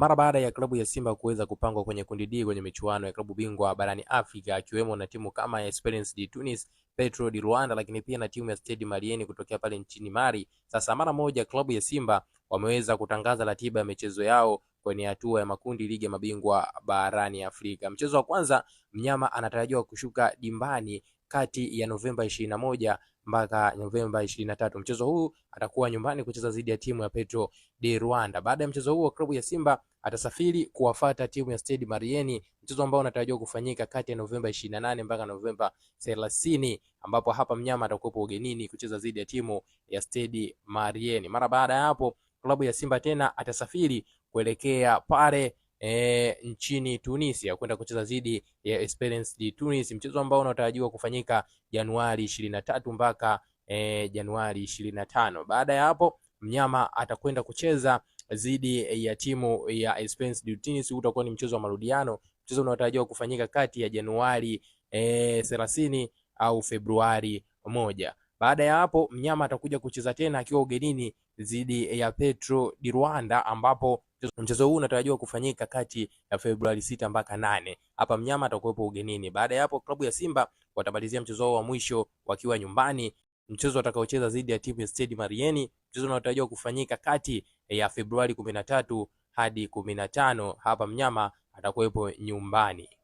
mara baada ya klabu ya Simba kuweza kupangwa kwenye kundi D kwenye michuano ya klabu bingwa barani Afrika, akiwemo na timu kama ya Esperance de Tunis, Petro di Rwanda, lakini pia na timu ya Stade Malien kutokea pale nchini Mali. Sasa mara moja klabu ya Simba wameweza kutangaza ratiba ya michezo yao kwenye hatua ya makundi ligi ya mabingwa barani Afrika. Mchezo wa kwanza, mnyama anatarajiwa kushuka dimbani kati ya Novemba 21 mpaka Novemba 23. Mchezo huu atakuwa nyumbani kucheza dhidi ya timu ya Petro de Rwanda. Baada ya mchezo huo, klabu ya Simba atasafiri kuwafata timu ya Stade Marieni, mchezo ambao unatarajiwa kufanyika kati ya Novemba 28 mpaka Novemba 30, ambapo hapa mnyama atakuwepo ugenini kucheza dhidi ya timu ya Stade Marieni. Mara baada ya hapo, klabu ya Simba tena atasafiri kuelekea pale e, nchini Tunisia kwenda kucheza dhidi ya Esperance de Tunis, mchezo ambao unatarajiwa kufanyika Januari 23 na tatu mpaka e, Januari 25. na tano. Baada ya hapo mnyama atakwenda kucheza dhidi ya timu ya Esperance de Tunis. Utakuwa ni mchezo wa marudiano, mchezo unaotarajiwa kufanyika kati ya Januari e, eh, 30 au Februari moja. Baada ya hapo mnyama atakuja kucheza tena akiwa ugenini dhidi ya Petro di Rwanda ambapo Mchezo huu unatarajiwa kufanyika kati ya Februari sita mpaka nane. Hapa mnyama atakuwepo ugenini. Baada ya hapo, klabu ya Simba watamalizia mchezo wao wa mwisho wakiwa nyumbani, mchezo watakaocheza dhidi ya timu ya Stade Marieni, mchezo unaotarajiwa kufanyika kati ya Februari kumi na tatu hadi kumi na tano. Hapa mnyama atakuwepo nyumbani.